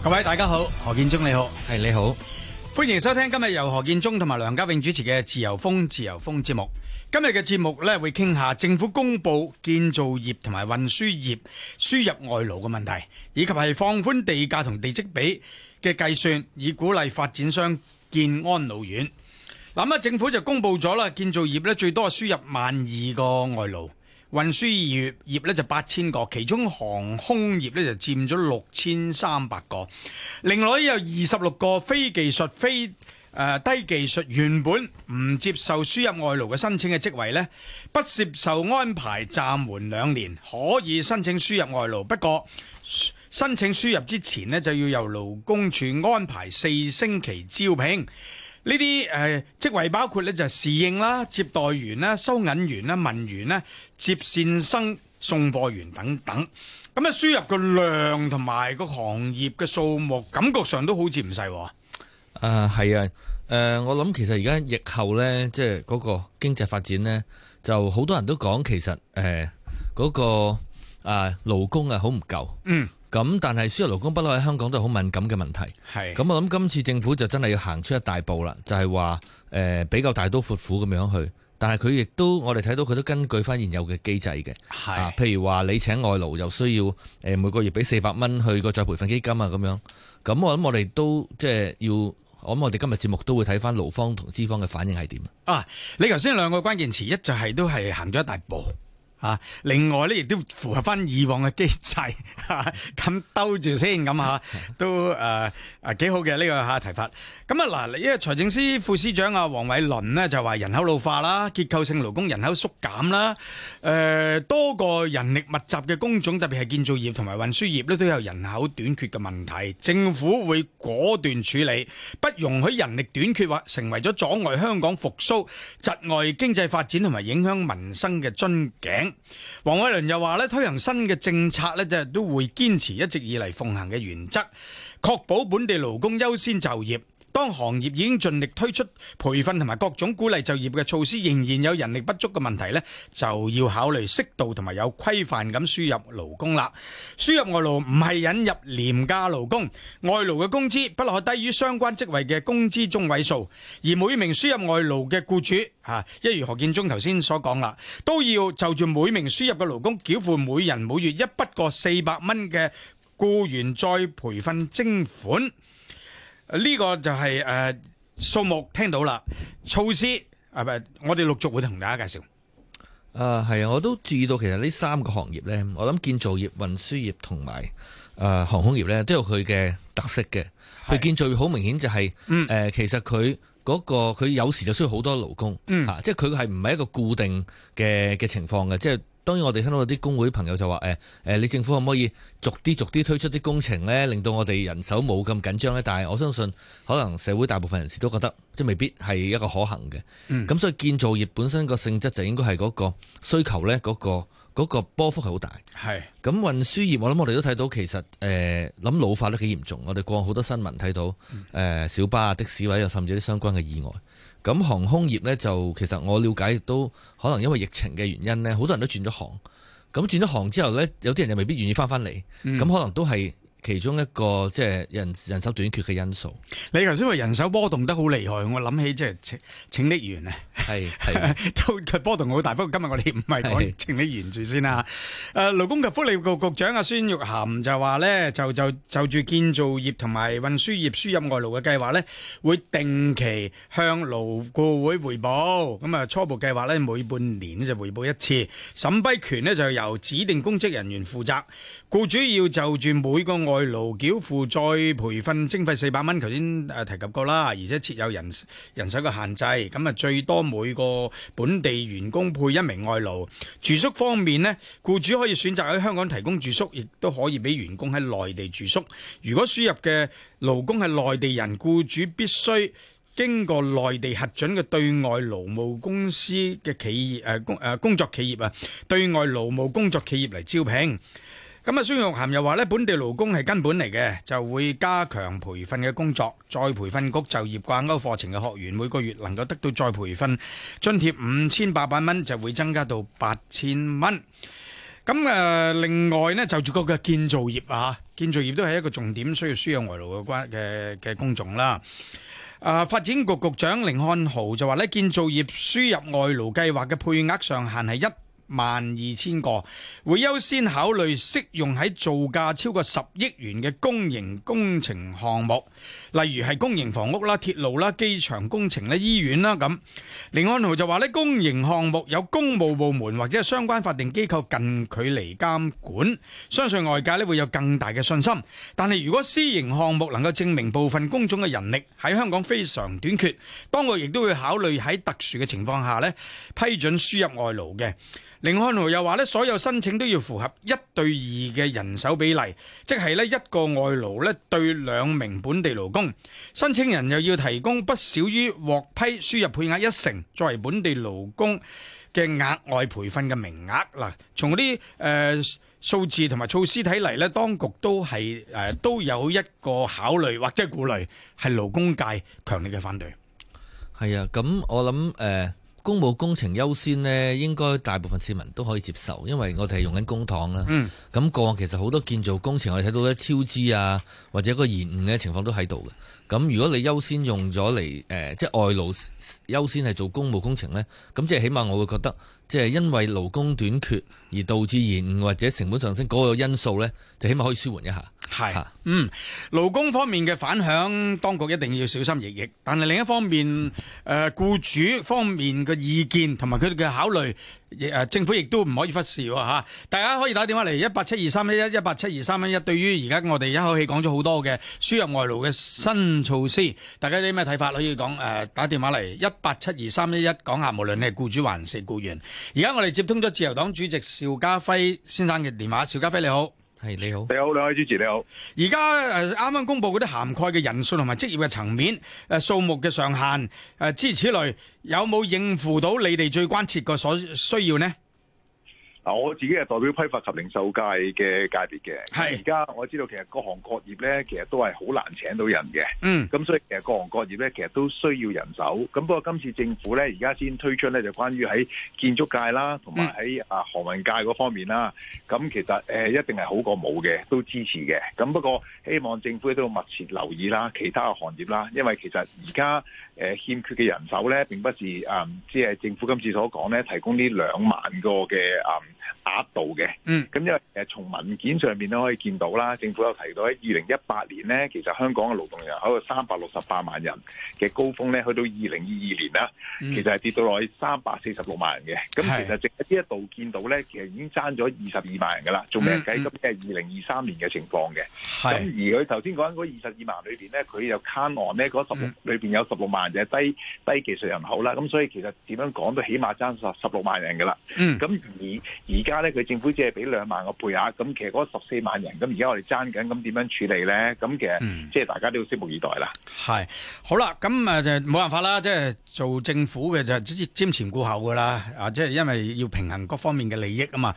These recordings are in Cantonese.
各位大家好，何建忠你好，係、hey, 你好，歡迎收聽今日由何建忠同埋梁家穎主持嘅《自由風自由風》節目。今日嘅節目咧會傾下政府公布建造業同埋運輸業輸入外勞嘅問題，以及係放寬地價同地積比嘅計算，以鼓勵發展商建安老院。咁啊，政府就公布咗啦，建造業咧最多係輸入萬二個外勞。運輸業業咧就八千個，其中航空業咧就佔咗六千三百個，另外有二十六個非技術非誒、呃、低技術原本唔接受輸入外勞嘅申請嘅職位呢，不接受，不受安排暫緩兩年，可以申請輸入外勞，不過申請輸入之前呢，就要由勞工處安排四星期招聘。呢啲誒職位包括咧就侍應啦、接待員啦、收銀員啦、文員啦、接線生、送貨員等等。咁啊輸入個量同埋個行業嘅數目，感覺上都好似唔細。誒、呃、係啊，誒、呃、我諗其實而家疫後咧，即係嗰個經濟發展咧，就好多人都講其實誒嗰、呃嗰個啊、呃、勞工啊好唔夠。嗯。咁但係輸入勞工不嬲喺香港都係好敏感嘅問題，咁我諗今次政府就真係要行出一大步啦，就係話誒比較大刀闊斧咁樣去，但係佢亦都我哋睇到佢都根據翻現有嘅機制嘅、啊，譬如話你請外勞又需要誒、呃、每個月俾四百蚊去個再培訓基金啊咁樣，咁我諗我哋都即係要，咁我諗我哋今日節目都會睇翻勞方同資方嘅反應係點啊？你頭先兩個關鍵詞，一就係都係行咗一大步。啊！另外咧，亦都符合翻以往嘅機制，咁兜住先咁吓、啊，都誒幾、啊啊、好嘅呢、這個吓、啊、提法。咁啊嗱，呢個財政司副司長啊黃偉綸呢，就話人口老化啦，結構性勞工人口縮減啦，誒、啊、多個人力密集嘅工種，特別係建造業同埋運輸業咧都有人口短缺嘅問題。政府會果斷處理，不容許人力短缺或成為咗阻礙香港復甦、窒礙經濟發展同埋影響民生嘅樽頸。黃偉綸又話咧，推行新嘅政策咧，就都會堅持一直以嚟奉行嘅原則，確保本地勞工優先就業。當行業已經盡力推出培訓同埋各種鼓勵就業嘅措施，仍然有人力不足嘅問題呢，就要考慮適度同埋有規範咁輸入勞工啦。輸入外勞唔係引入廉價勞工，外勞嘅工資不可低於相關職位嘅工資中位數，而每名輸入外勞嘅僱主，啊，一如何建中頭先所講啦，都要就住每名輸入嘅勞工繳付每人每月一筆過四百蚊嘅僱員再培訓徵款。呢、這個就係、是、誒、呃、數目聽到啦，措施啊唔係，我哋陸續會同大家介紹。誒係啊，我都注意到其實呢三個行業咧，我諗建造業、運輸業同埋誒航空業咧，都有佢嘅特色嘅。佢建造業好明顯就係、是，誒、嗯呃、其實佢嗰、那個佢有時就需要好多勞工，吓、嗯啊，即係佢係唔係一個固定嘅嘅情況嘅，即係。當然，我哋聽到啲工會朋友就話，誒、欸、誒、欸，你政府可唔可以逐啲逐啲推出啲工程呢，令到我哋人手冇咁緊張呢？」但係我相信，可能社會大部分人士都覺得，即未必係一個可行嘅。咁、嗯、所以建造業本身個性質就應該係嗰個需求呢，嗰、嗰個嗰個波幅係好大。係。咁運輸業，我諗我哋都睇到，其實誒諗、呃、老化都幾嚴重。我哋過好多新聞睇到，誒、呃、小巴啊、的士位又甚至啲相關嘅意外。咁航空業呢，就其實我了解都可能因為疫情嘅原因呢，好多人都轉咗行。咁轉咗行之後呢，有啲人又未必願意返返嚟。咁、嗯、可能都係。其中一個即係人人手短缺嘅因素。你頭先話人手波動得好厲害，我諗起即係請請職員啊，係係 波動好大。不過今日我哋唔係講請職員住先啦。誒、啊、勞工及福利局局長阿、啊、孫玉涵孫玉菡就話咧，就就就住建造業同埋運輸業輸入外勞嘅計劃咧，會定期向勞顧會彙報。咁啊初步計劃咧，每半年就彙報一次，審批權呢就由指定公職人員負責。僱主要就住每個外勞繳付再培訓徵費四百蚊，頭先誒提及過啦。而且設有人人手嘅限制，咁啊最多每個本地員工配一名外勞。住宿方面呢，僱主可以選擇喺香港提供住宿，亦都可以俾員工喺內地住宿。如果輸入嘅勞工係內地人，僱主必須經過內地核准嘅對外勞務公司嘅企業誒工誒工作企業啊，對外勞務工作企業嚟招聘。咁啊，孫玉菡又話咧，本地勞工係根本嚟嘅，就會加強培訓嘅工作。再培訓局就業掛鈎課程嘅學員，每個月能夠得到再培訓津貼五千八百蚊，就會增加到八千蚊。咁啊，另外咧，就住個嘅建造業啊，建造業都係一個重點，需要輸入外勞嘅關嘅嘅工種啦。啊，發展局局長甯漢豪就話咧，建造業輸入外勞計劃嘅配額上限係一。萬二千個，會優先考慮適用喺造價超過十億元嘅公營工程項目。例如係公營房屋啦、鐵路啦、機場工程咧、醫院啦咁。甯漢豪就話咧，公營項目有公務部門或者相關法定機構近距離監管，相信外界咧會有更大嘅信心。但係如果私營項目能夠證明部分工種嘅人力喺香港非常短缺，當局亦都會考慮喺特殊嘅情況下咧批准輸入外勞嘅。甯漢豪又話咧，所有申請都要符合一對二嘅人手比例，即係咧一個外勞咧對兩名本地勞工。申請人又要提供不少於獲批輸入配額一成作為本地勞工嘅額外培訓嘅名額嗱，從嗰啲誒數字同埋措施睇嚟咧，當局都係誒都有一個考慮或者顧慮，係勞工界強烈嘅反對。係啊，咁我諗誒。公務工程優先呢應該大部分市民都可以接受，因為我哋係用緊公帑啦。咁過去其實好多建造工程，我哋睇到咧超支啊，或者一個延誤嘅情況都喺度嘅。咁如果你優先用咗嚟，呃，即係外勞優先係做公務工程呢，咁即係起碼我會覺得。即係因為勞工短缺而導致延誤或者成本上升嗰個因素呢，就起碼可以舒緩一下。係，嗯，勞工方面嘅反響，當局一定要小心翼翼。但係另一方面，誒、呃、僱主方面嘅意見同埋佢哋嘅考慮，政府亦都唔可以忽視喎，大家可以打電話嚟一八七二三一一一八七二三一一，187231, 17231，對於而家我哋一口氣講咗好多嘅輸入外勞嘅新措施，大家有啲咩睇法可以講誒？打電話嚟一八七二三一一講下，無論你係僱主還是僱員。而家我哋接通咗自由黨主席邵家輝先生嘅電話，邵家輝你好。係你好，你好兩位主持，你好。而家誒，啱啱公布嗰啲涵蓋嘅人數同埋職業嘅層面誒，數目嘅上限誒，諸如此類，有冇應付到你哋最關切嘅所需要呢？我自己係代表批發及零售界嘅界別嘅。係而家我知道，其實各行各業咧，其實都係好難請到人嘅。嗯，咁所以其實各行各業咧，其實都需要人手。咁不過今次政府咧，而家先推出咧，就關於喺建築界啦，同埋喺啊航運界嗰方面啦。咁其實、呃、一定係好過冇嘅，都支持嘅。咁不過希望政府都要密切留意啦，其他嘅行業啦，因為其實而家誒欠缺嘅人手咧，並不是即係、嗯、政府今次所講咧，提供呢兩萬個嘅額度嘅，咁因為從文件上面都可以見到啦，政府有提到喺二零一八年咧，其實香港嘅勞動人口有三百六十八萬人嘅高峰咧，去到二零二二年啦，其實係跌到落去三百四十六萬人嘅。咁其實直一一度見到咧，其實已經爭咗二十二萬人㗎啦，仲未計。今次係二零二三年嘅情況嘅。咁而佢頭先講緊嗰二十二萬裏邊咧，佢又 count on 咧嗰十六，裏邊有十六萬人就係、是、低低技術人口啦。咁所以其實點樣講都起碼爭十十六萬人㗎啦。咁、嗯、而，而而家咧，佢政府只係俾兩萬個配額，咁其實嗰十四萬人，咁而家我哋爭緊，咁點樣處理咧？咁其實、嗯、即係大家都拭目以待啦。係，好啦，咁就冇辦法啦，即係做政府嘅就瞻前顧後噶啦，啊，即係因為要平衡各方面嘅利益啊嘛。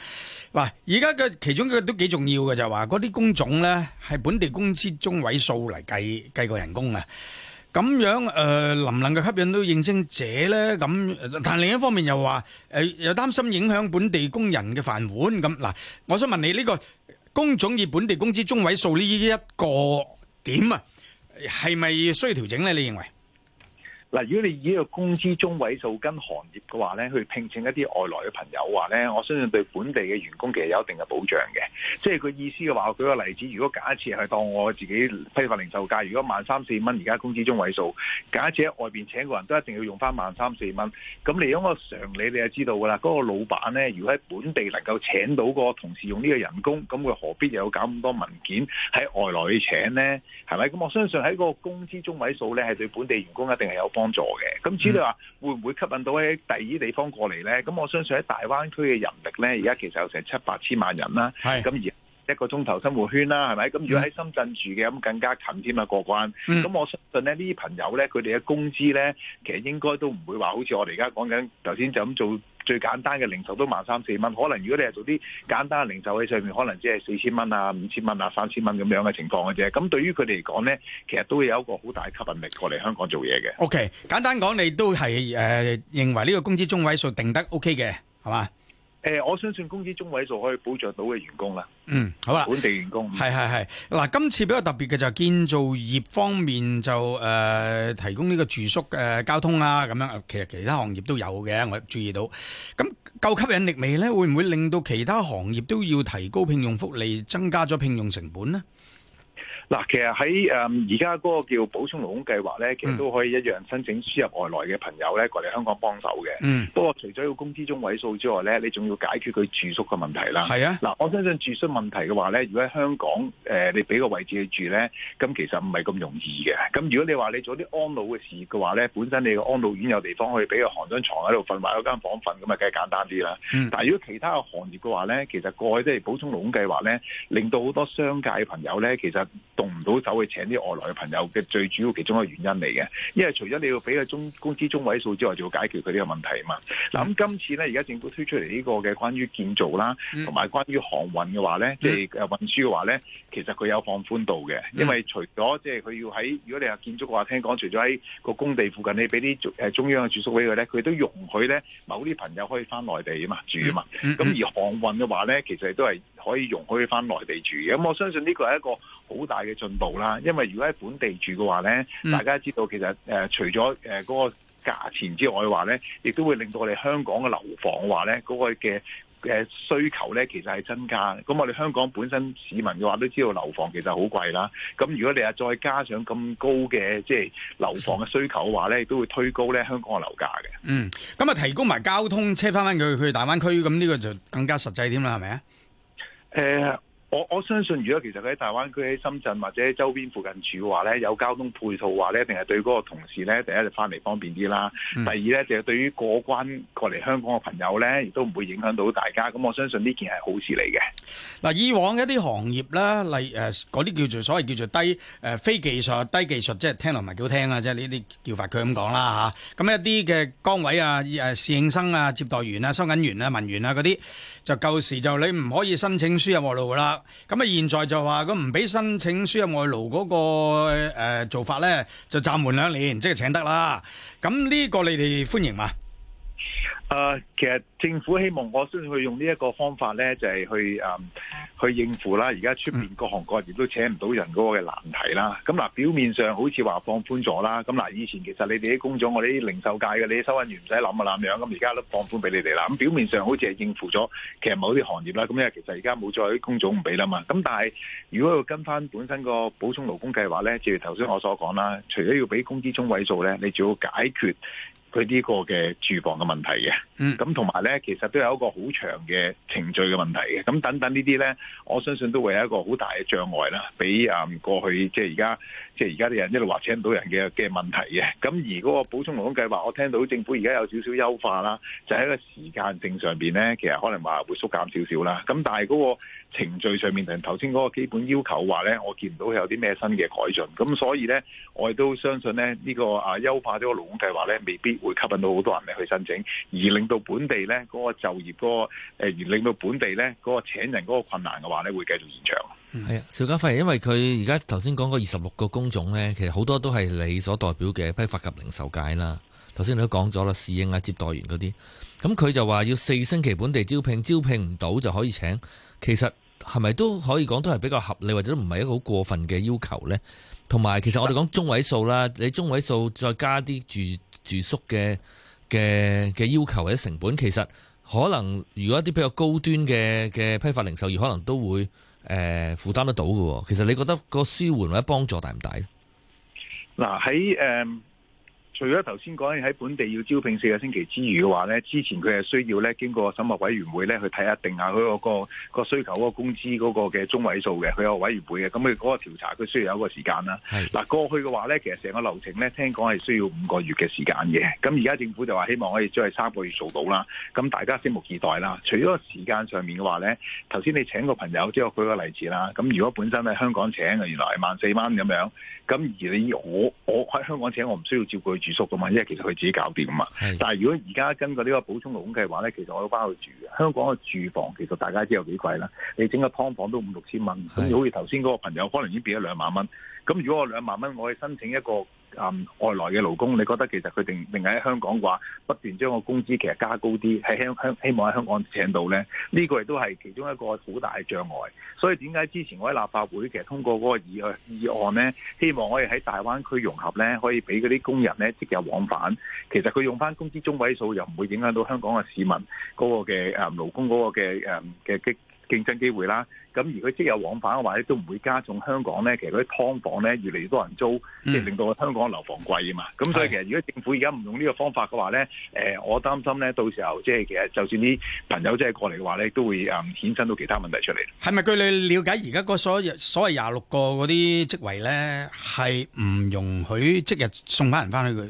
喂，而家嘅其中嘅都幾重要嘅就係話，嗰啲工種咧係本地工資中位數嚟計計個人工啊。咁樣誒，能唔能夠吸引到應徵者咧？咁，但另一方面又話誒，又擔心影響本地工人嘅飯碗咁嗱。我想問你呢個工種以本地工資中位數呢一個點啊，係咪需要調整咧？你認為？嗱，如果你以呢個工資中位數跟行業嘅話咧，去聘請一啲外來嘅朋友話咧，我相信對本地嘅員工其實有一定嘅保障嘅。即係佢意思嘅話，我舉個例子，如果假設係當我自己批發零售價，如果萬三四蚊，而家工資中位數，假設喺外面請個人都一定要用翻萬三四蚊，咁你喺個常理你就知道噶啦，嗰、嗰個老闆咧，如果喺本地能夠請到個同事用呢個人工，咁佢何必又有搞咁多文件喺外來去請呢？係咪？咁我相信喺個工資中位數咧，係對本地員工一定係有幫。幫助嘅，咁至於你話會唔會吸引到喺第二地方過嚟咧？咁我相信喺大灣區嘅人力咧，而家其實有成七八千萬人啦。係咁而一個鐘頭生活圈啦，係咪？咁如果喺深圳住嘅，咁更加近添啊，過關。咁我相信咧，呢啲朋友咧，佢哋嘅工資咧，其實應該都唔會話好似我哋而家講緊頭先就咁做。最簡單嘅零售都萬三四蚊，可能如果你係做啲簡單嘅零售喺上面，可能只係四千蚊啊、五千蚊啊、三千蚊咁樣嘅情況嘅啫。咁對於佢哋嚟講呢，其實都會有一個好大吸引力過嚟香港做嘢嘅。OK，簡單講，你都係誒、呃、認為呢個工資中位數定得 OK 嘅，係嘛？誒，我相信工資中位數可以保障到嘅員工啦。嗯，好啦，本地員工係係係。嗱，今次比較特別嘅就建造業方面就誒、呃、提供呢個住宿誒、呃、交通啦。咁樣。其實其他行業都有嘅，我注意到。咁夠吸引力未呢？會唔會令到其他行業都要提高聘用福利，增加咗聘用成本呢？嗱，其實喺誒而家嗰個叫補充勞工計劃咧、嗯，其實都可以一樣申請輸入外來嘅朋友咧過嚟香港幫手嘅、嗯。不過除咗要工資中位數之外咧，你仲要解決佢住宿嘅問題啦。係啊，嗱，我相信住宿問題嘅話咧，如果喺香港誒、呃，你俾個位置去住咧，咁其實唔係咁容易嘅。咁如果你話你做啲安老嘅事業嘅話咧，本身你個安老院有地方可以俾佢行張床喺度瞓，埋嗰間房瞓咁啊，梗係簡單啲啦、嗯。但如果其他嘅行業嘅話咧，其實過去即係補充勞工計劃咧，令到好多商界朋友咧，其實。用唔到手去請啲外來嘅朋友嘅最主要其中一個原因嚟嘅，因為除咗你要俾個中公司中位數之外，就要解決佢呢個問題嘛。嗱，咁今次咧，而家政府推出嚟呢個嘅關於建造啦，同埋關於航運嘅話咧，即係誒運輸嘅話咧，其實佢有放寬度嘅，因為除咗即係佢要喺如果你話建築嘅話，聽講除咗喺個工地附近，你俾啲誒中央嘅住宿俾佢咧，佢都容許咧某啲朋友可以翻內地啊嘛住啊嘛。咁而航運嘅話咧，其實都係。可以容許翻內地住，咁我相信呢個係一個好大嘅進步啦。因為如果喺本地住嘅話咧、嗯，大家知道其實、呃、除咗嗰、呃嗰個價錢之外嘅話咧，亦都會令到我哋香港嘅樓房嘅話咧嗰、嗰個嘅嘅、呃、需求咧，其實係增加。咁我哋香港本身市民嘅話都知道樓房其實好貴啦。咁如果你話再加上咁高嘅即係樓房嘅需求嘅話咧，亦都會推高咧香港嘅樓價嘅。嗯，咁啊，提供埋交通車翻翻佢去大灣區，咁呢個就更加實際啲啦，係咪啊？誒、呃，我我相信如果其實喺大灣區、喺深圳或者喺周邊附近住嘅話咧，有交通配套嘅話咧，一定係對嗰個同事咧，第一就翻嚟方便啲啦、嗯。第二咧，就係、對於過關過嚟香港嘅朋友咧，亦都唔會影響到大家。咁我相信呢件係好事嚟嘅。嗱，以往一啲行業啦，例誒，嗰啲叫做所謂叫做低誒非技術、低技術，即係聽落唔係幾好聽啊，即係呢啲叫法，佢咁講啦吓。咁一啲嘅崗位啊，誒，侍應生啊、接待員啊、收銀員啊、文員啊嗰啲。就舊時就你唔可以申請輸入外勞㗎啦，咁啊現在就話咁唔俾申請輸入外勞嗰個做法呢，就暫緩兩年，即係請得啦。咁呢個你哋歡迎嗎？啊、uh，其實政府希望我先去用呢一個方法咧，就係、是、去啊、um, 去應付啦。而家出面各行各業都請唔到人嗰個嘅難題啦。咁嗱，表面上好似話放寬咗啦。咁嗱，以前其實你哋啲工種，我哋啲零售界嘅你啲收銀員唔使諗啊，諗樣咁而家都放寬俾你哋啦。咁表面上好似係應付咗，其實某啲行業啦。咁因為其實而家冇再啲工種唔俾啦嘛。咁但係如果要跟翻本身個補充勞工計劃咧，正如頭先我所講啦，除咗要俾工資中位數咧，你仲要解決。佢呢個嘅住房嘅問題嘅，嗯，咁同埋咧，其實都有一個好長嘅程序嘅問題嘅，咁等等呢啲咧，我相信都會有一個好大嘅障礙啦，俾啊過去即係而家，就是即係而家啲人一路話請唔到人嘅嘅問題嘅，咁而嗰個補充勞工計劃，我聽到政府而家有少少優化啦，就喺個時間性上邊咧，其實可能話會縮減少少啦。咁但係嗰個程序上面，同頭先嗰個基本要求話咧，我見唔到佢有啲咩新嘅改進。咁所以咧，我亦都相信咧呢個啊優化咗個勞工計劃咧，未必會吸引到好多人嚟去申請，而令到本地咧嗰個就業嗰個誒，而令到本地咧嗰個請人嗰個困難嘅話咧，會繼續延長。係啊，邵家輝，因為佢而家頭先講嗰二十六個工種呢，其實好多都係你所代表嘅批發及零售界啦。頭先你都講咗啦，侍應啊、接待員嗰啲，咁佢就話要四星期本地招聘，招聘唔到就可以請。其實係咪都可以講都係比較合理，或者都唔係一個好過分嘅要求呢？同埋，其實我哋講中位數啦，你中位數再加啲住住宿嘅嘅嘅要求或者成本，其實可能如果一啲比較高端嘅嘅批發零售業，可能都會。誒、嗯、負擔得到嘅，其實你覺得個舒緩或者幫助大唔大？嗱喺誒。啊除咗頭先講喺本地要招聘四個星期之餘嘅話呢，之前佢係需要呢經過審核委員會呢去睇下定下佢、嗰個、嗰個需求嗰個工資嗰個嘅中位數嘅，佢有委員會嘅，咁佢嗰個調查佢需要有一個時間啦。嗱過去嘅話呢，其實成個流程呢，聽講係需要五個月嘅時間嘅，咁而家政府就話希望可以再三個月做到啦，咁大家拭目以待啦。除咗時間上面嘅話呢，頭先你請個朋友即係我舉個例子啦，咁如果本身喺香港請原來萬四蚊咁樣，咁而你我我喺香港請我唔需要照顧住。住宿噶嘛，因為其實佢自己搞掂啊嘛。但係如果而家根據呢個補充勞工計劃咧，其實我有包佢住嘅。香港嘅住房其實大家知道有幾貴啦，你整個劏房都五六千蚊，咁好似頭先嗰個朋友可能已經變咗兩萬蚊。咁如果我兩萬蚊，我去申請一個？嗯，外來嘅勞工，你覺得其實佢定定喺香港嘅話，不斷將個工資其實加高啲，喺香香希望喺香港請到咧，呢個亦都係其中一個好大嘅障礙。所以點解之前我喺立法會其實通過嗰個議，議案咧，希望可以喺大灣區融合咧，可以俾嗰啲工人咧即日往返，其實佢用翻工資中位數又唔會影響到香港嘅市民嗰個嘅誒勞工嗰個嘅誒嘅激。嗯競爭機會啦，咁如果即日往返嘅話咧，都唔會加重香港咧，其實嗰啲劏房咧越嚟越多人租，即係令到香港樓房貴啊嘛。咁、嗯、所以其實如果政府而家唔用呢個方法嘅話咧，誒、呃，我擔心咧，到時候即係其實就算啲朋友即係過嚟嘅話咧，都會誒、嗯、衍生到其他問題出嚟。係咪？據你了解現在，而家嗰所所謂廿六個嗰啲職位咧，係唔容許即日送翻人翻去佢？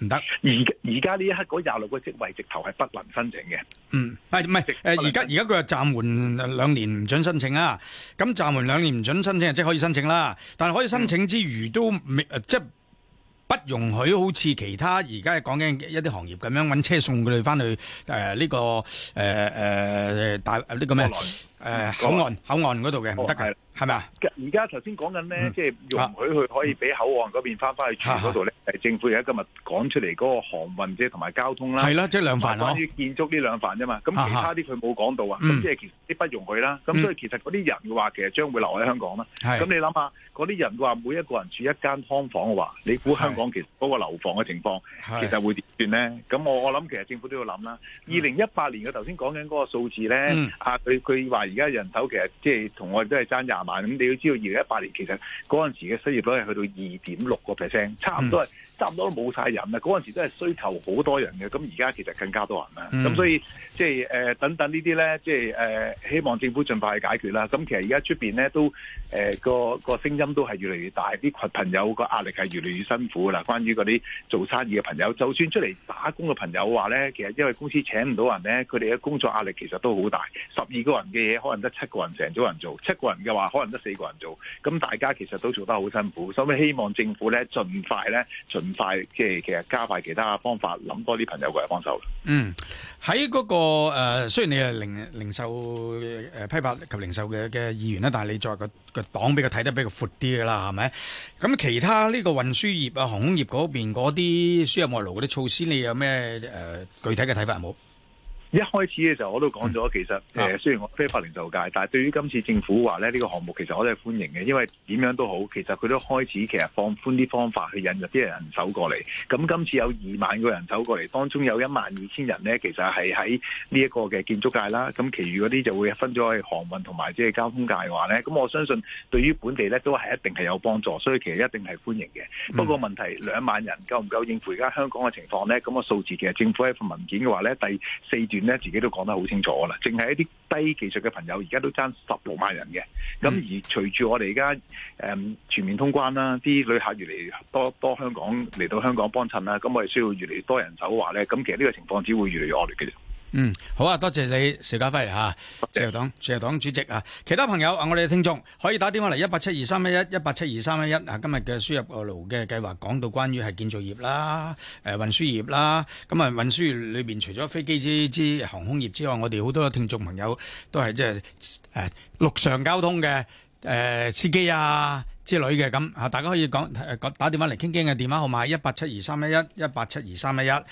唔得，而而家呢一刻嗰廿六個職位直頭係不能申請嘅。嗯，唔係，誒，而家而家佢係暫緩兩年唔准申請啊。咁暫緩兩年唔准申請，即係可以申請啦。但係可以申請之餘，都、嗯、即係不容許好似其他而家講緊一啲行業咁樣搵車送佢哋翻去誒呢、呃這個誒誒、呃呃、大呢、這個咩？誒、呃、口岸口岸嗰度嘅唔得㗎，係、哦、咪、嗯、啊？而家頭先講緊咧，即係容許佢可以俾口岸嗰邊翻返去住嗰度咧，係政府而家今日講出嚟嗰個航運即係同埋交通啦，係啦，即、就、係、是、兩範關於建築呢兩範啫嘛，咁、啊啊、其他啲佢冇講到啊，咁即係其實啲不容許啦，咁、嗯、所以其實嗰啲人嘅話其實將會留喺香港啦。咁、嗯、你諗下，嗰啲人嘅話每一個人住一間劏房嘅話，的你估香港其實嗰個樓房嘅情況其實會點算咧？咁我我諗其實政府都要諗啦。二零一八年嘅頭先講緊嗰個數字咧、嗯，啊，佢佢話。而家人手其實即係同我哋都係爭廿萬，咁你要知道二零一八年其實嗰陣時嘅失業率係去到二點六個 percent，差唔多係。嗯差唔多冇晒人啦，嗰陣時真係需求好多人嘅，咁而家其實更加多人啦，咁、mm. 所以即係誒等等這些呢啲咧，即係誒希望政府盡快去解決啦。咁其實而家出邊咧都誒、呃、個個聲音都係越嚟越大，啲群朋友個壓力係越嚟越辛苦啦。關於嗰啲做生意嘅朋友，就算出嚟打工嘅朋友話咧，其實因為公司請唔到人咧，佢哋嘅工作壓力其實都好大。十二個人嘅嘢可能得七個人成組人做，七個人嘅話可能得四個人做，咁大家其實都做得好辛苦，所以希望政府咧盡快咧盡快，即係其實加快其他方法，諗多啲朋友過嚟幫手。嗯，喺嗰、那個誒、呃，雖然你係零零售誒批發及零售嘅嘅議員啦，但係你作為個個黨比較睇得比較闊啲噶啦，係咪？咁其他呢個運輸業啊、航空業嗰邊嗰啲輸入外勞嗰啲措施，你有咩誒、呃、具體嘅睇法冇？一開始嘅時候我都講咗，其實誒雖然我非法零售界，但係對於今次政府話咧呢個項目其實我都係歡迎嘅，因為點樣都好，其實佢都開始其實放寬啲方法去引入啲人手過嚟。咁今次有二萬個人走過嚟，當中有一萬二千人呢，其實係喺呢一個嘅建築界啦。咁其餘嗰啲就會分咗去航運同埋即係交通界嘅話呢。咁我相信對於本地呢，都係一定係有幫助，所以其實一定係歡迎嘅。不過問題，兩萬人夠唔夠應付而家香港嘅情況呢？咁個數字其實政府有一份文件嘅話呢，第四段。咧自己都講得好清楚啦，淨係一啲低技術嘅朋友，而家都爭十六萬人嘅。咁、嗯、而隨住我哋而家誒全面通關啦，啲旅客越嚟越多多香港嚟到香港幫襯啦，咁我哋需要越嚟越多人手話咧，咁其實呢個情況只會越嚟越惡劣嘅。嗯，好啊，多謝你邵家輝吓，自由黨自由黨主席啊，其他朋友啊，我哋嘅聽眾可以打電話嚟一八七二三一一一八七二三一一啊，今日嘅輸入個勞嘅計劃講到關於係建造業啦，誒運輸業啦，咁啊運輸業裏邊除咗飛機之之航空業之外，我哋嘅好多聽眾朋友都係即係誒陸上交通嘅誒、呃、司機啊之類嘅咁啊，大家可以講打、呃、打電話嚟傾傾嘅電話號碼一八七二三一一一八七二三一一誒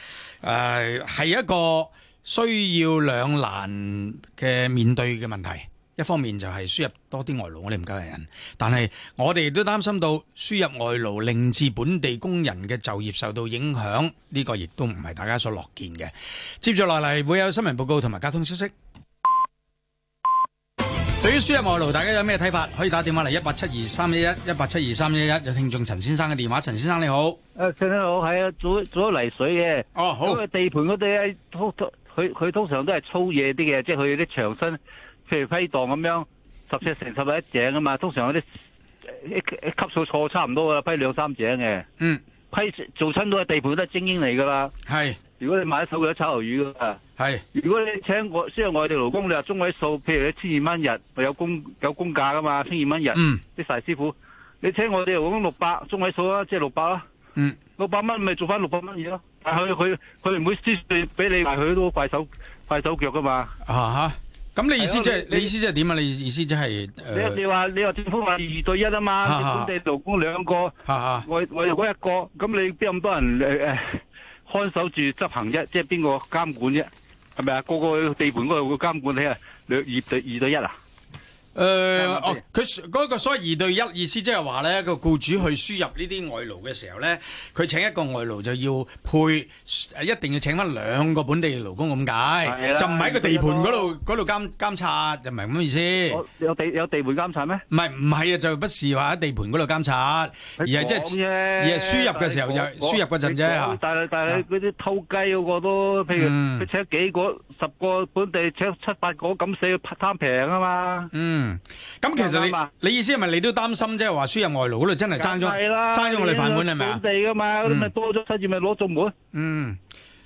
係一個。需要兩難嘅面對嘅問題，一方面就係輸入多啲外勞，我哋唔夠人，但係我哋都擔心到輸入外勞令至本地工人嘅就業受到影響，呢個亦都唔係大家所樂見嘅。接住落嚟會有新聞報告同埋交通消息。對於輸入外勞，大家有咩睇法？可以打電話嚟一八七二三一一一八七二三一一，有聽眾陳先生嘅電話。陳先生你好，先生，誒，陳生好，係啊，做咗泥水嘅，哦，好，因為地盤嗰啲喺拖拖。佢佢通常都係粗嘢啲嘅，即係佢啲牆身，譬如批盪咁樣十四乘十係一井啊嘛。通常嗰啲一一,一,一級數錯差唔多啦，批兩三井嘅。嗯，批做親都係地盤都係精英嚟噶啦。係，如果你買一手嘅炒魷魚㗎。係，如果你請我，雖然我哋勞工你話中位數，譬如一千二蚊日，有公有公價㗎嘛，千二蚊日。嗯。啲細師傅，你請我哋勞工六百，中位數啊，即係六百啦。六百蚊咪做翻六百蚊嘢咯，但係佢佢佢唔會黐線俾你話佢都快手快手腳噶嘛吓咁、啊、你意思即、就、係、是啊、你意思即係點啊？你意思即、就、係、是呃、你你話你話政府話二對一啊嘛？啲、啊、本地勞工兩個，啊、我我又嗰一個，咁你邊咁多人誒、呃、看守住執行啫？即係邊個監管啫？係咪啊？個個地盤嗰度個監管你啊，二對二對一啊？誒，哦，佢嗰個所謂二對一意思，即係話咧個雇主去輸入呢啲外勞嘅時候咧，佢請一個外勞就要配誒，一定要請翻兩個本地勞工咁解，就唔喺個地盤嗰度嗰度監監察，就唔係咁嘅意思。有地有地盤監察咩？唔係唔係啊，就不是話喺地盤嗰度監察，而係即係而係輸入嘅時候就輸入嗰陣啫吓。但係但係嗰啲偷雞嗰個都，譬如佢請幾個十個本地，請七八個咁死貪平啊嘛。嗯，咁其實你你意思係咪你都擔心即係話輸入外勞嗰度真係爭咗係啦，爭咗我哋飯碗係咪啊？本地噶嘛，咪多咗，跟住咪攞做滿。嗯。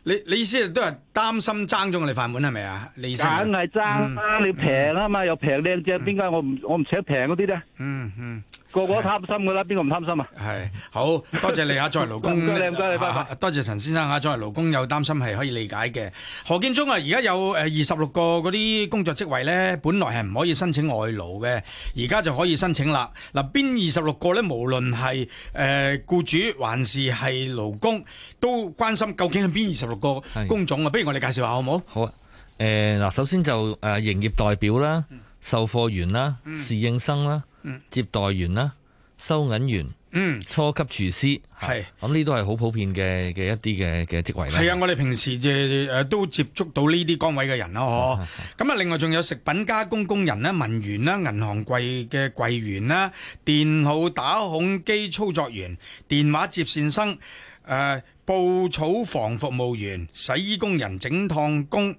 你你意思是都係擔心爭咗我哋飯碗係咪啊？梗係爭啦，你平啊嘛，嗯、又平靚正，邊家我唔我唔請平嗰啲咧？嗯嗯，嗯，呢嗯，嗯，個個都貪心噶啦，邊個唔貪心啊？係，好多謝你啊！作為勞工 多謝謝拜拜，多謝陳先生啊！作為勞工有擔心係可以理解嘅。何建忠啊，而家有誒二十六個嗰啲工作職位咧，本來係唔可以申請外勞嘅，而家就可以申請啦。嗱，邊二十六個咧，無論係誒僱主還是係勞工，都關心究竟係邊二十六。六個工種啊，不如我哋介紹下好唔好？好啊，誒、呃、嗱，首先就誒營業代表啦、售貨員啦、侍、嗯、應生啦、嗯、接待員啦、收銀員，嗯，初級廚師係，咁呢都係好普遍嘅嘅一啲嘅嘅職位啦。係啊，我哋平時嘅誒都接觸到呢啲崗位嘅人啦、啊，嗬、嗯。咁啊，另外仲有食品加工工人啦、文員啦、銀行櫃嘅櫃員啦、電號打孔機操作員、電話接線生，誒、呃。布草房服務員、洗衣工人、整燙工、誒、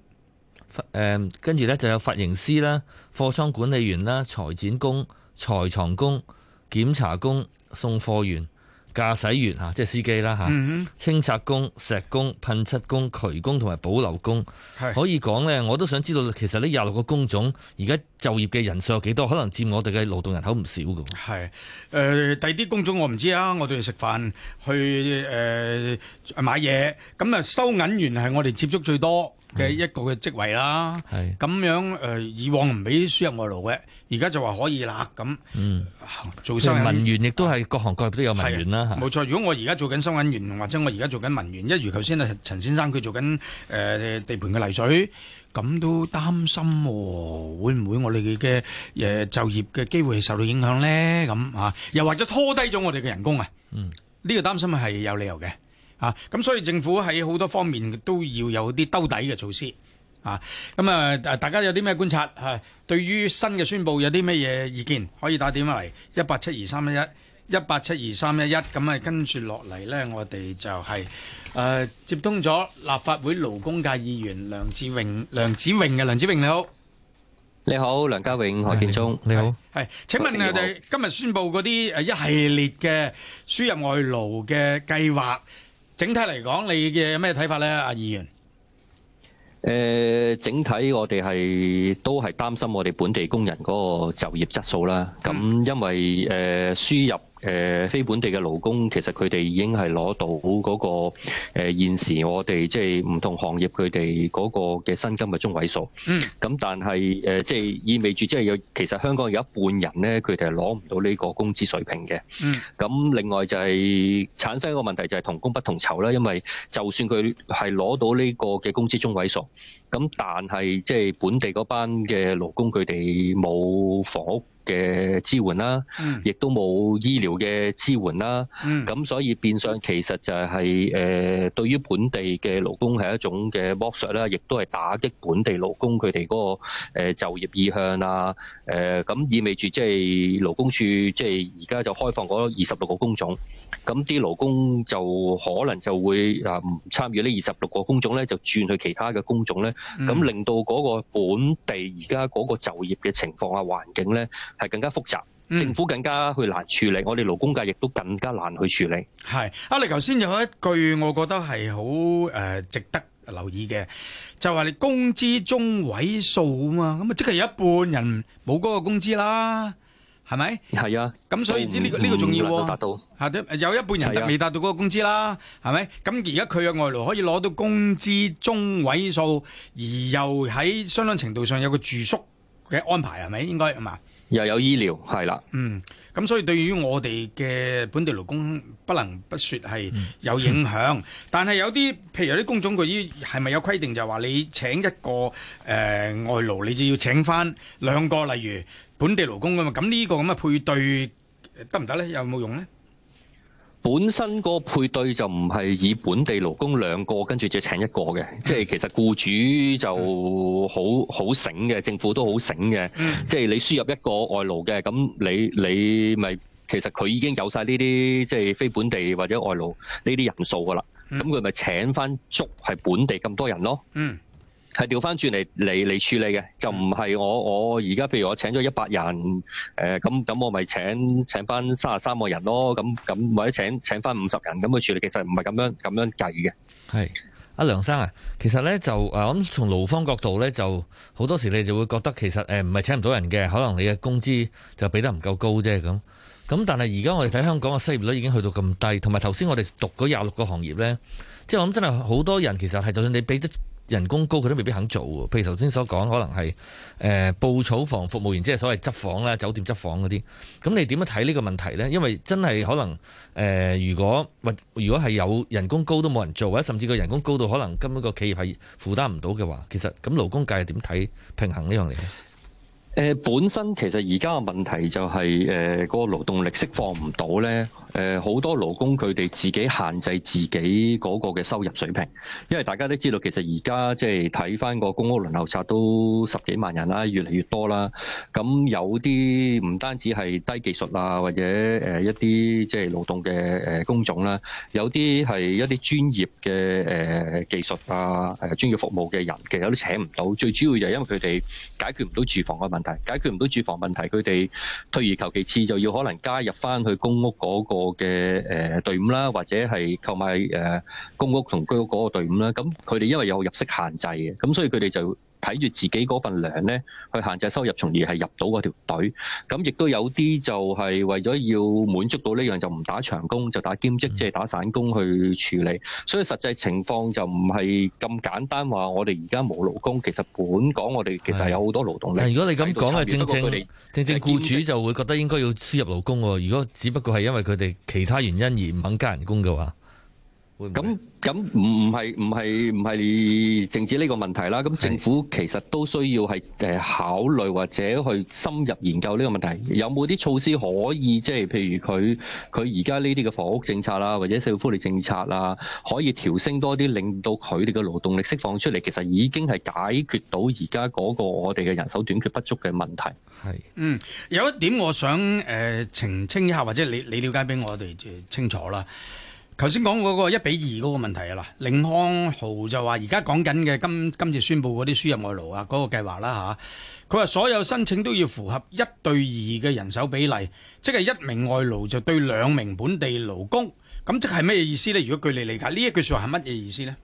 嗯，跟住咧就有髮型師啦、貨倉管理員啦、裁剪工、裁床工、檢查工、送貨員。駕駛員嚇，即係司機啦嚇、嗯，清拆工、石工、噴漆工、渠工同埋保留工，係可以講咧。我都想知道，其實呢廿六個工種，而家就業嘅人數有幾多？可能佔我哋嘅勞動人口唔少噶。係誒，第二、呃、啲工種我唔知啊。我哋食飯去誒、呃、買嘢，咁啊收銀員係我哋接觸最多。嘅、嗯、一個嘅職位啦，係咁樣誒、呃，以往唔俾輸入外勞嘅，而家就話可以啦，咁嗯做收銀員，做收銀員亦都係各行各業都有文員啦，冇錯、啊。如果我而家做緊收銀員，或者我而家做緊文員，一如頭先啊陳先生佢做緊誒、呃、地盤嘅泥水，咁都擔心、哦，會唔會我哋嘅誒就業嘅機會係受到影響咧？咁啊，又或者拖低咗我哋嘅人工啊？嗯，呢個擔心係有理由嘅。啊！咁所以政府喺好多方面都要有啲兜底嘅措施啊！咁啊，大家有啲咩觀察啊？對於新嘅宣佈有啲咩嘢意見，可以打電話嚟一八七二三一一一八七二三一一。咁啊。跟住落嚟呢，我哋就係、是、誒、啊、接通咗立法會勞工界議員梁子穎，梁子穎嘅梁子穎你好，你好梁家榮何建中你好，係請問誒，今日宣佈嗰啲誒一系列嘅輸入外勞嘅計劃。整體嚟講，你嘅有咩睇法咧，阿議員？誒、呃，整體我哋係都係擔心我哋本地工人嗰個就業質素啦。咁、嗯、因為誒、呃、輸入。誒非本地嘅勞工其實佢哋已經係攞到嗰個誒現時我哋即係唔同行業佢哋嗰個嘅薪金嘅中位數。嗯。咁但係誒即係意味住即係有其實香港有一半人咧，佢哋係攞唔到呢個工資水平嘅。嗯。咁另外就係產生一個問題就係同工不同酬啦，因為就算佢係攞到呢個嘅工資中位數，咁但係即係本地嗰班嘅勞工佢哋冇房屋嘅支援啦，亦都冇醫療嘅支援啦，咁所以變相其實就係誒對於本地嘅勞工係一種嘅剝削啦，亦都係打擊本地勞工佢哋嗰個誒就業意向啊，誒咁意味住即係勞工處即係而家就開放嗰二十六個工種，咁啲勞工就可能就會誒唔參與呢二十六個工種咧，就轉去其他嘅工種咧，咁令到嗰個本地而家嗰個就業嘅情況啊環境咧。係更加複雜，政府更加去難處理，我哋勞工界亦都更加難去處理。係啊，你頭先有一句我覺得係好誒值得留意嘅，就話你工資中位數嘛，咁啊即係有一半人冇嗰個工資啦，係咪？係啊，咁所以呢個呢個重要，達到係啲有一半人未達到嗰個工資啦，係咪？咁而家佢嘅外勞可以攞到工資中位數，而又喺相當程度上有個住宿嘅安排，係咪應該係嘛？又有醫療係啦，嗯，咁所以對於我哋嘅本地勞工，不能不說係有影響。嗯、但係有啲譬如有啲工種，佢依係咪有規定就係話你請一個、呃、外勞，你就要請翻兩個，例如本地勞工噶嘛？咁呢個咁咪配對得唔得呢？有冇用呢？本身個配對就唔係以本地勞工兩個跟住就請一個嘅，嗯，即係其實僱主就好好醒嘅，政府都好醒嘅，即係你輸入一個外勞嘅，咁你你咪其實佢已經有晒呢啲即係非本地或者外勞呢啲人數㗎啦，咁佢咪請翻足係本地咁多人咯。嗯係調翻轉嚟嚟嚟處理嘅，就唔係我我而家譬如我請咗一百人，誒咁咁我咪請請翻三十三個人咯，咁咁或者請請翻五十人咁去處理，其實唔係咁樣咁樣計嘅。係阿梁生啊，其實咧就誒，我諗從勞方角度咧，就好多時你就會覺得其實誒唔係請唔到人嘅，可能你嘅工資就俾得唔夠高啫咁。咁但係而家我哋睇香港嘅失業率已經去到咁低，同埋頭先我哋讀嗰廿六個行業咧，即係我諗真係好多人其實係就算你俾得。人工高，佢都未必肯做，譬如頭先所講，可能係誒布草房服務員，即係所謂執房啦、酒店執房嗰啲。咁你點樣睇呢個問題呢？因為真係可能誒、呃，如果或、呃、如果係有人工高都冇人做，或者甚至個人工高到可能根本個企業係負擔唔到嘅話，其實咁勞工界係點睇平衡呢樣嘢？誒本身其實而家嘅問題就係誒嗰個勞動力釋放唔到咧，誒好多勞工佢哋自己限制自己嗰個嘅收入水平，因為大家都知道其實而家即係睇翻個公屋輪候冊都十幾萬人啦，越嚟越多啦，咁有啲唔單止係低技術啊或者誒一啲即係勞動嘅誒工種啦，有啲係一啲專業嘅誒技術啊、誒專業服務嘅人，其實有啲請唔到，最主要就係因為佢哋解決唔到住房嘅問題。解決唔到住房問題，佢哋退而求其次就要可能加入翻去公屋嗰個嘅、呃、隊伍啦，或者係購買、呃、公屋同居屋嗰個隊伍啦。咁佢哋因為有入息限制嘅，咁所以佢哋就睇住自己嗰份糧咧，去限制收入，從而係入到嗰條隊。咁亦都有啲就係為咗要滿足到呢樣，就唔打長工，就打兼職，即係打散工去處理。所以實際情況就唔係咁簡單話，我哋而家冇勞工。其實本港我哋其實係有好多勞動力。但如果你咁講，係正正正正，雇主就會覺得應該要輸入勞工喎。如果只不過係因為佢哋其他原因而唔肯加人工嘅話。咁咁唔係係唔係唔係淨止呢個問題啦，咁政府其實都需要係誒考慮或者去深入研究呢個問題，有冇啲措施可以即係，譬如佢佢而家呢啲嘅房屋政策啦，或者社會福利政策啦，可以調升多啲，令到佢哋嘅勞動力釋放出嚟，其實已經係解決到而家嗰個我哋嘅人手短缺不足嘅問題。係，嗯，有一點我想誒、呃、澄清一下，或者你你了解俾我哋、呃、清楚啦。頭先講嗰個一比二嗰個問題啊啦，凌康豪就話而家講緊嘅今今次宣布嗰啲輸入外勞啊嗰個計劃啦，佢話所有申請都要符合一對二嘅人手比例，即係一名外勞就對兩名本地勞工，咁即係咩意思呢？如果據你理解呢一句說話係乜嘢意思呢？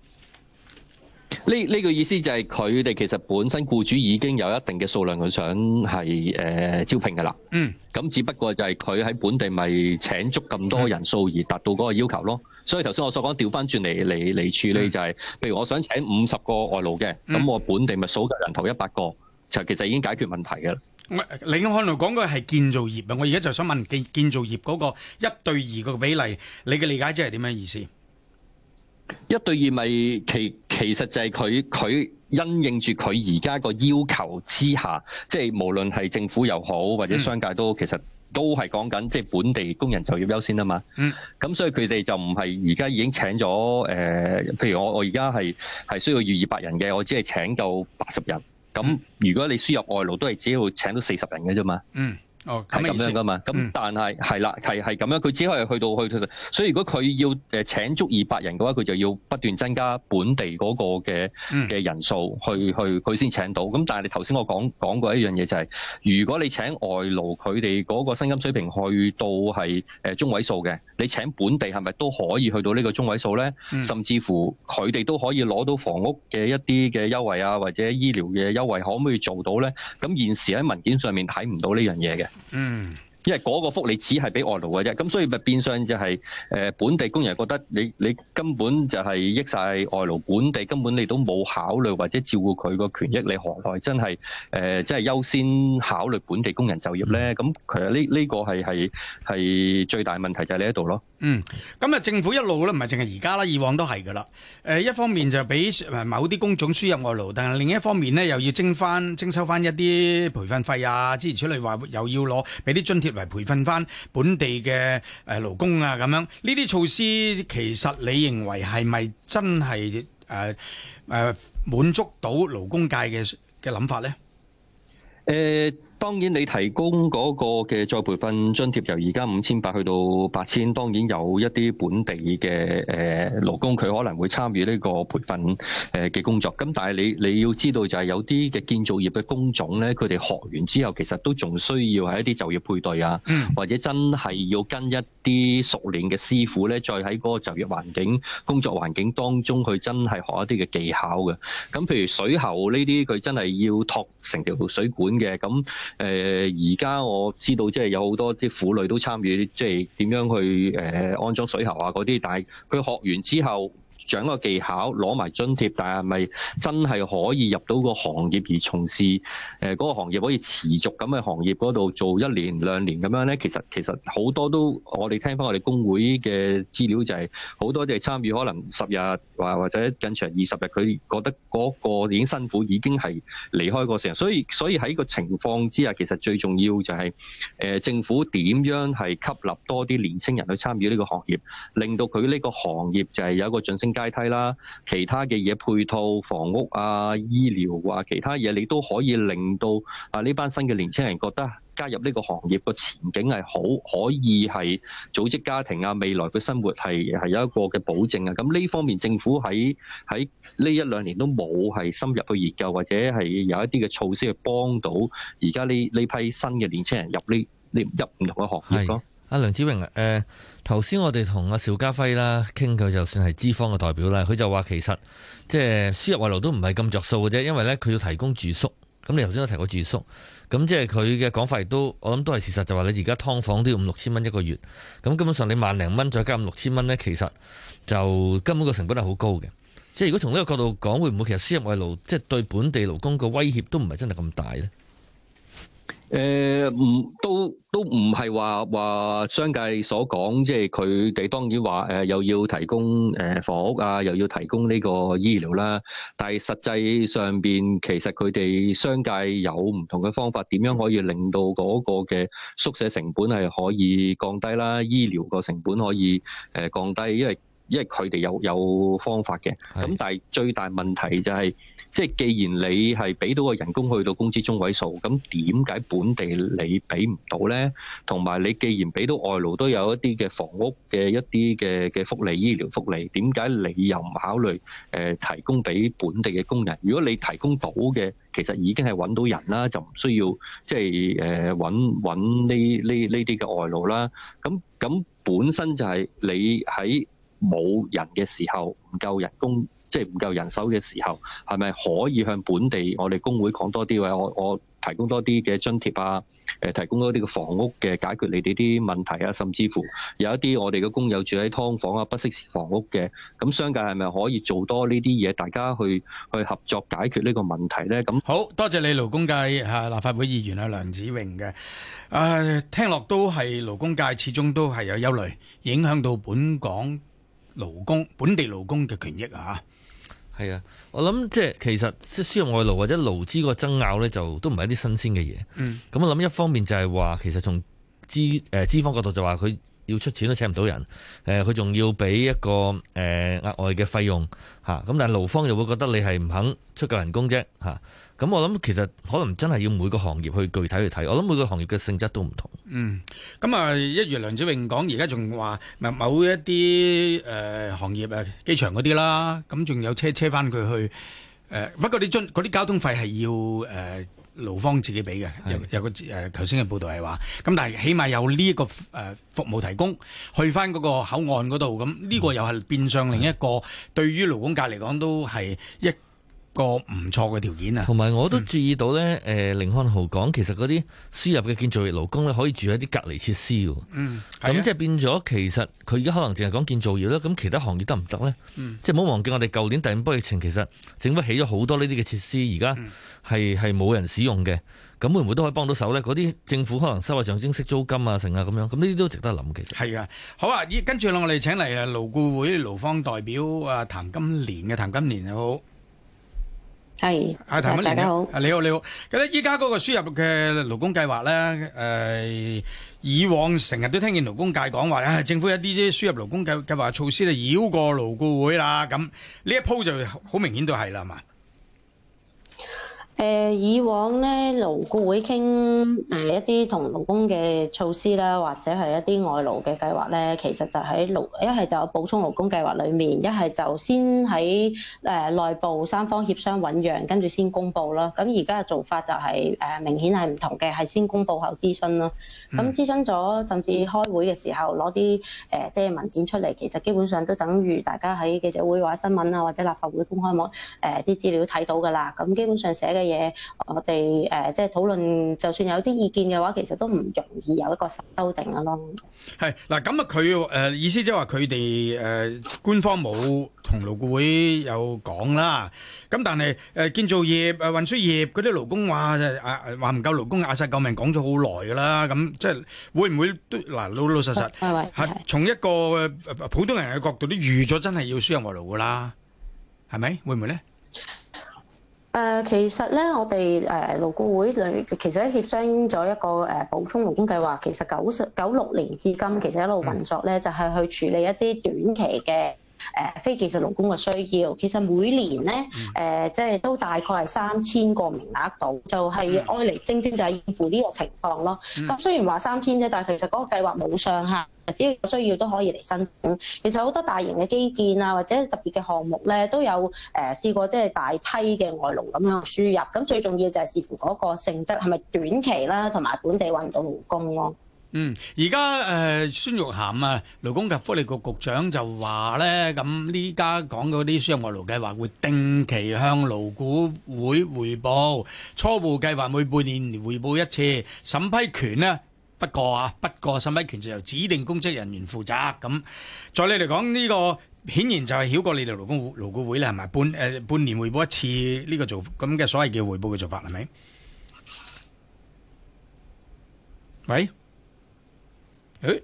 呢、這、呢個意思就係佢哋其實本身僱主已經有一定嘅數量佢想係誒、呃、招聘㗎啦。嗯。咁只不過就係佢喺本地咪請足咁多人數而達到嗰個要求咯。所以頭先我所講調翻轉嚟嚟嚟處理就係、是，譬如我想請五十個外勞嘅，咁、嗯、我本地咪數夠人頭一百個，就其實已經解決問題㗎啦。你可能講嘅係建造業啊，我而家就想問建建造業嗰個一對二個比例，你嘅理解即係點樣意思？一對二咪其其實就係佢佢因應住佢而家個要求之下，即係無論係政府又好，或者商界都其實都係講緊即係本地工人就業優先啊嘛。嗯，咁所以佢哋就唔係而家已經請咗誒、呃，譬如我我而家係係需要要二百人嘅，我只係請夠八十人。咁如果你輸入外勞都係只要請到四十人嘅啫嘛。嗯。哦，咁樣噶嘛？咁但係係啦，係係咁樣。佢只可以去到去，所以如果佢要誒請足二百人嘅話，佢就要不斷增加本地嗰個嘅嘅人數去、嗯、去，佢先請到。咁但係你頭先我講講過一樣嘢就係、是，如果你請外勞，佢哋嗰個薪金水平去到係誒中位數嘅，你請本地係咪都可以去到呢個中位數咧、嗯？甚至乎佢哋都可以攞到房屋嘅一啲嘅優惠啊，或者醫療嘅優惠，可唔可以做到咧？咁現時喺文件上面睇唔到呢樣嘢嘅。嗯，因為嗰個福利只係俾外勞嘅啫，咁所以咪變相就係誒本地工人覺得你你根本就係益晒外勞，本地根本你都冇考慮或者照顧佢個權益，你何來真係誒即係優先考慮本地工人就業咧？咁其實呢呢個係係係最大問題就喺呢一度咯。嗯，咁啊，政府一路咧唔係淨係而家啦，以往都係噶啦。誒，一方面就俾某啲工種輸入外勞，但係另一方面呢，又要徵翻徵收翻一啲培訓費啊，之前舉例話又要攞俾啲津貼嚟培訓翻本地嘅誒勞工啊，咁樣呢啲措施，其實你認為係咪真係誒誒滿足到勞工界嘅嘅諗法呢？誒、欸。當然，你提供嗰個嘅再培訓津貼，由而家五千八去到八千，當然有一啲本地嘅誒勞工，佢可能會參與呢個培訓誒嘅工作。咁但係你你要知道，就係有啲嘅建造業嘅工種咧，佢哋學完之後，其實都仲需要係一啲就業配對啊，或者真係要跟一啲熟練嘅師傅咧，再喺嗰個就業環境、工作環境當中去真係學一啲嘅技巧嘅。咁譬如水喉呢啲，佢真係要托成條水管嘅咁。誒而家我知道即係有好多啲婦女都參與，即係點樣去誒、呃、安裝水喉啊嗰啲，但係佢學完之後。掌握技巧，攞埋津貼，但係咪真係可以入到個行業而從事？誒、那、嗰個行業可以持續咁喺行業嗰度做一年兩年咁樣咧？其實其實好多都我哋聽翻我哋工會嘅資料就係、是、好多都係參與可能十日或或者更長二十日，佢覺得嗰個已經辛苦，已經係離開個嗰時。所以所以喺個情況之下，其實最重要就係、是、誒、呃、政府點樣係吸納多啲年青人去參與呢個行業，令到佢呢個行業就係有一個晉升。階梯啦，其他嘅嘢配套、房屋啊、醫療啊，其他嘢你都可以令到啊呢班新嘅年青人覺得加入呢個行業個前景係好，可以係組織家庭啊，未來嘅生活係係有一個嘅保證啊。咁呢方面政府喺喺呢一兩年都冇係深入去研究，或者係有一啲嘅措施去幫到而家呢呢批新嘅年青人入呢呢入唔同嘅行業咯，啊。阿梁子穎誒，呃，頭先我哋同阿邵家輝啦傾佢，就算係資方嘅代表啦，佢就話其實即係輸入外勞都唔係咁着數嘅啫，因為咧佢要提供住宿，咁你頭先都提過住宿，咁即係佢嘅講法亦都，我諗都係事實，就話你而家劏房都要五六千蚊一個月，咁根本上你萬零蚊再加五六千蚊咧，其實就根本個成本係好高嘅，即係如果從呢個角度講，會唔會其實輸入外勞即係對本地勞工嘅威脅都唔係真係咁大咧？誒、呃、唔都都唔係話話商界所講，即係佢哋當然話又要提供誒房屋啊，又要提供呢個醫療啦。但係實際上面，其實佢哋商界有唔同嘅方法，點樣可以令到嗰個嘅宿舍成本係可以降低啦，醫療個成本可以降低，因為。因為佢哋有有方法嘅，咁但係最大問題就係，即係既然你係俾到個人工去到工資中位數，咁點解本地你俾唔到咧？同埋你既然俾到外勞都有一啲嘅房屋嘅一啲嘅嘅福利、醫療福利，點解你又唔考慮誒提供俾本地嘅工人？如果你提供到嘅，其實已經係揾到人啦，就唔需要即係誒揾揾呢呢呢啲嘅外勞啦。咁咁本身就係你喺冇人嘅時候，唔夠人工，即係唔夠人手嘅時候，係咪可以向本地我哋工會講多啲位？我我提供多啲嘅津貼啊，誒、呃，提供多啲嘅房屋嘅解決你哋啲問題啊，甚至乎有一啲我哋嘅工友住喺劏房啊、不適房屋嘅，咁商界係咪可以做多呢啲嘢，大家去去合作解決呢個問題呢？咁好多謝你勞工界啊，立法會議員啊，梁子穎嘅，誒，聽落都係勞工界始終都係有憂慮，影響到本港。勞工本地勞工嘅權益啊，係啊，我諗即係其實即係輸入外勞或者勞資個爭拗呢，就都唔係一啲新鮮嘅嘢。嗯，咁我諗一方面就係話，其實從資誒資方角度就話佢要出錢都請唔到人，誒、呃，佢仲要俾一個誒額、呃、外嘅費用吓，咁、啊、但係勞方就會覺得你係唔肯出夠人工啫吓。啊咁我諗其實可能真係要每個行業去具體去睇，我諗每個行業嘅性質都唔同。嗯，咁啊一如梁子穎講，而家仲話某一啲誒、呃、行業誒機場嗰啲啦，咁仲有車車翻佢去誒、呃，不過嗰啲交通費係要誒勞、呃、方自己俾嘅，有個、呃、有個誒頭先嘅報道係話，咁但係起碼有呢一個誒服務提供，去翻嗰個口岸嗰度，咁呢個又係變相另一個對於勞工界嚟講都係一。個唔錯嘅條件啊，同埋我都注意到咧。誒、嗯，凌、呃、漢豪講，其實嗰啲輸入嘅建造業勞工咧，可以住喺啲隔離設施。嗯，咁即係變咗，其實佢而家可能淨係講建造業啦。咁其他行業得唔得咧？即係唔好忘記我哋舊年第五波疫情，其實政府起咗好多呢啲嘅設施，而家係係冇人使用嘅。咁會唔會都可以幫到手咧？嗰啲政府可能收下象徵式租金啊，成啊咁樣。咁呢啲都值得諗。其實係啊，好啊，跟住咧，我哋請嚟勞顧會勞方代表啊，譚金蓮嘅譚金蓮，好。係，阿譚金蓮小姐你好，你好，你好。咁咧，依家嗰個輸入嘅勞工計劃咧，誒，以往成日都聽見勞工界講話，啊、哎，政府一啲啲輸入勞工計計劃措施咧繞過勞顧會啦，咁呢一鋪就好明顯都係啦，係嘛。誒，以往咧，勞顧會傾，誒一啲同勞工嘅措施啦，或者係一啲外勞嘅計劃咧，其實就喺勞一係就是補充勞工計劃裡面，一係就是先喺誒、呃、內部三方協商醞釀，跟住先公佈啦。咁而家嘅做法就係、是、誒、呃、明顯係唔同嘅，係先公佈後諮詢咯。咁、嗯、諮詢咗，甚至開會嘅時候攞啲誒即係文件出嚟，其實基本上都等於大家喺記者會話新聞啊，或者立法會公開網誒啲、呃、資料睇到㗎啦。咁基本上寫嘅嘢我哋誒、呃、即係討論，就算有啲意見嘅話，其實都唔容易有一個實修訂嘅咯。係嗱，咁啊佢誒意思即係話佢哋誒官方冇同勞顧會有講啦。咁但係誒建造業誒運輸業嗰啲勞工話即係啊話唔夠勞工壓晒、啊、救命，講咗好耐㗎啦。咁即係會唔會嗱老老實實係、哎哎哎、從一個普通人嘅角度都預咗真係要輸入外勞㗎啦，係咪會唔會咧？誒、呃，其實咧，我哋誒、呃、勞顧會裏其實協商咗一個誒、呃、補充勞工計劃，其實九六年至今，其實一路運作咧，就係、是、去處理一啲短期嘅。誒、呃、非技術勞工嘅需要，其實每年咧誒，即、嗯、係、呃就是、都大概係三千個名額度，就係愛嚟正正就係應付呢個情況咯。咁、嗯、雖然話三千啫，但係其實嗰個計劃冇上限，只要需要都可以嚟申請。其實好多大型嘅基建啊，或者特別嘅項目咧，都有誒、呃、試過即係大批嘅外勞咁樣輸入。咁最重要就係視乎嗰個性質係咪短期啦、啊，同埋本地搵唔到勞工咯、啊。嗯，而家誒，孫玉菡啊，勞工及福利局局,局長就話呢咁呢家講嗰啲輸入外勞計劃會定期向勞顧會彙報，初步計劃每半年彙報一次，審批權咧不,、啊、不過啊，不過審批權就由指定公職人員負責。咁在你嚟講呢個顯然就係曉過你哋勞工勞顧會啦，係咪半誒、呃、半年彙報一次呢、呢個做咁嘅所謂叫彙報嘅做法係咪？喂？誒，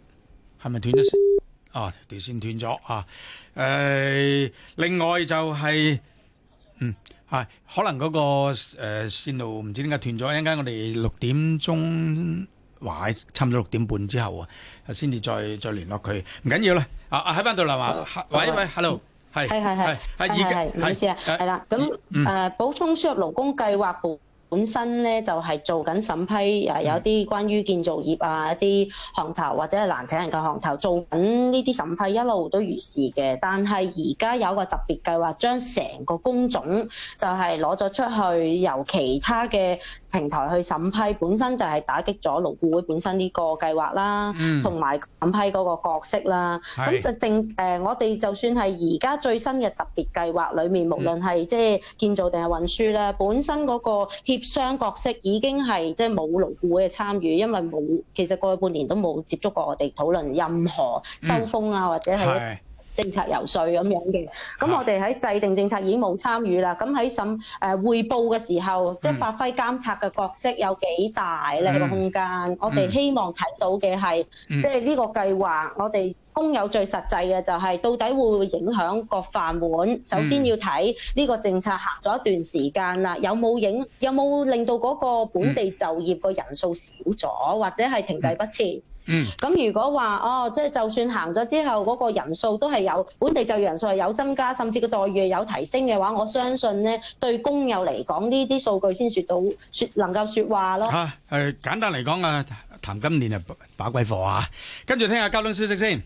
係咪斷咗線？哦，條線斷咗啊！誒，另外就係，嗯，係可能嗰個誒線路唔知點解斷咗，一陣間我哋六點鐘話，差唔多六點半之後啊，先至再再聯絡佢。唔緊要啦，啊啊喺翻度啦嘛，喂喂，hello，係係係，啊，唔好意思啊，係啦，咁誒補充輸入勞工計劃部。本身咧就係、是、做緊審批，誒有啲關於建造業啊一啲行頭或者係難請人嘅行頭做緊呢啲審批一路都如是嘅。但係而家有個特別計劃，將成個工種就係攞咗出去由其他嘅平台去審批，本身就係打擊咗勞顧會本身呢個計劃啦，同埋審批嗰個角色啦。咁、mm. 就定誒，我哋就算係而家最新嘅特別計劃裏面，無論係即係建造定係運輸咧，mm. 本身嗰、那個。商角色已經係即係冇勞顧會嘅參與，因為冇其實過去半年都冇接觸過我哋討論任何收風啊、嗯、或者係政策游説咁樣嘅。咁我哋喺制定政策已經冇參與啦。咁喺審誒彙、呃、報嘅時候，嗯、即係發揮監察嘅角色有幾大咧、嗯呢個空間？嗯、我哋希望睇到嘅係即係呢個計劃，我哋。工友最實際嘅就係到底會唔會影響個飯碗？首先要睇呢個政策行咗一段時間啦，有冇影有冇令到嗰個本地就業嘅人數少咗，或者係停滯不前？嗯，咁如果話哦，即係就算行咗之後，嗰個人數都係有本地就業人數係有增加，甚至個待遇有提升嘅話，我相信咧對工友嚟講，呢啲數據先説到説能夠説話咯。啊，誒簡單嚟講啊，譚金蓮啊把鬼貨啊，跟住聽下交通消息先。